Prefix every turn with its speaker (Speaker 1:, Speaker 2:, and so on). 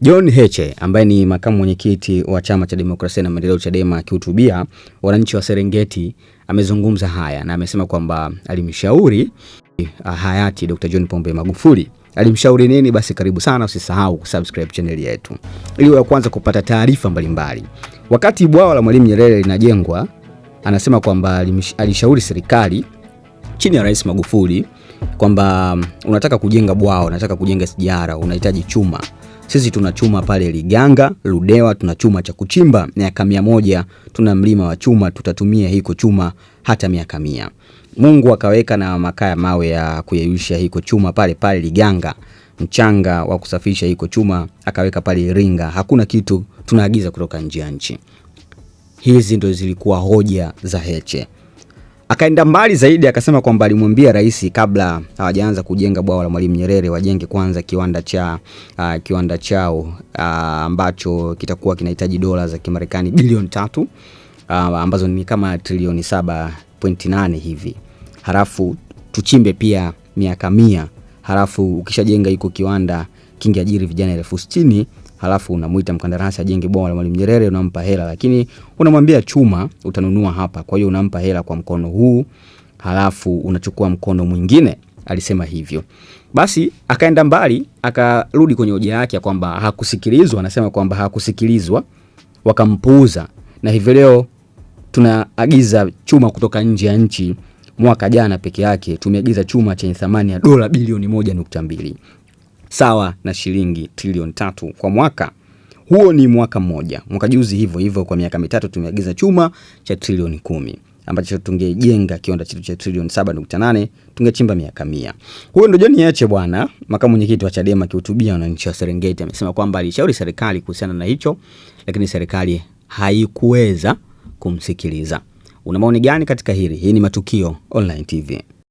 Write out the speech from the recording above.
Speaker 1: John Heche ambaye ni makamu mwenyekiti wa chama cha demokrasia na maendeleo Chadema, akihutubia wananchi wa Serengeti amezungumza haya na amesema kwamba alimshauri ah, hayati Dr. John Pombe Magufuli. Alimshauri nini? Basi karibu sana, usisahau kusubscribe channel yetu ili wa kwanza kupata taarifa mbalimbali. Wakati bwawa la Mwalimu Nyerere linajengwa, anasema kwamba alishauri serikali chini ya Rais Magufuli kwamba um, unataka kujenga bwawa, unataka kujenga sijara, unahitaji chuma sisi tuna chuma pale Liganga, Ludewa tuna chuma cha kuchimba miaka mia moja, tuna mlima wa chuma, tutatumia hiko chuma hata miaka mia. Mungu akaweka na makaa ya mawe ya kuyeyusha hiko chuma pale pale Liganga, mchanga wa kusafisha hiko chuma akaweka pale Iringa. Hakuna kitu tunaagiza kutoka nje ya nchi. Hizi ndo zilikuwa hoja za Heche. Akaenda mbali zaidi akasema kwamba alimwambia rais kabla hawajaanza kujenga bwawa la Mwalimu Nyerere wajenge kwanza kiwanda cha uh, kiwanda chao ah, ambacho kitakuwa kinahitaji dola za Kimarekani bilioni tatu uh, ambazo ni kama trilioni 7.8 hivi. Halafu tuchimbe pia miaka mia. Halafu ukishajenga hiko kiwanda kingeajiri vijana elfu sitini halafu unamuita mkandarasi ajenge bwawa la Mwalimu Nyerere, unampa hela, lakini unamwambia chuma utanunua hapa. Kwa hiyo unampa hela kwa mkono huu, halafu unachukua mkono mwingine. Alisema hivyo. Basi akaenda mbali, akarudi kwenye hoja yake kwamba hakusikilizwa. Anasema kwamba hakusikilizwa, wakampuuza, na hivyo leo tunaagiza chuma kutoka nje ya nchi. Mwaka jana peke yake tumeagiza chuma chenye thamani ya dola bilioni moja nukta mbili sawa na shilingi trilioni tatu kwa mwaka. Huo ni mwaka mmoja. Mwaka juzi hivyo hivyo, kwa miaka mitatu tumeagiza chuma cha trilioni kumi ambacho tungejenga kiwanda chetu cha trilioni 7.8 tungechimba miaka mia. Huyo ndio John Heche bwana, makamu mwenyekiti wa Chadema, akihutubia wananchi wa Serengeti amesema kwamba alishauri serikali kuhusiana na hicho, lakini serikali haikuweza kumsikiliza. Una maoni gani katika hili? Hii ni Matukio Online TV.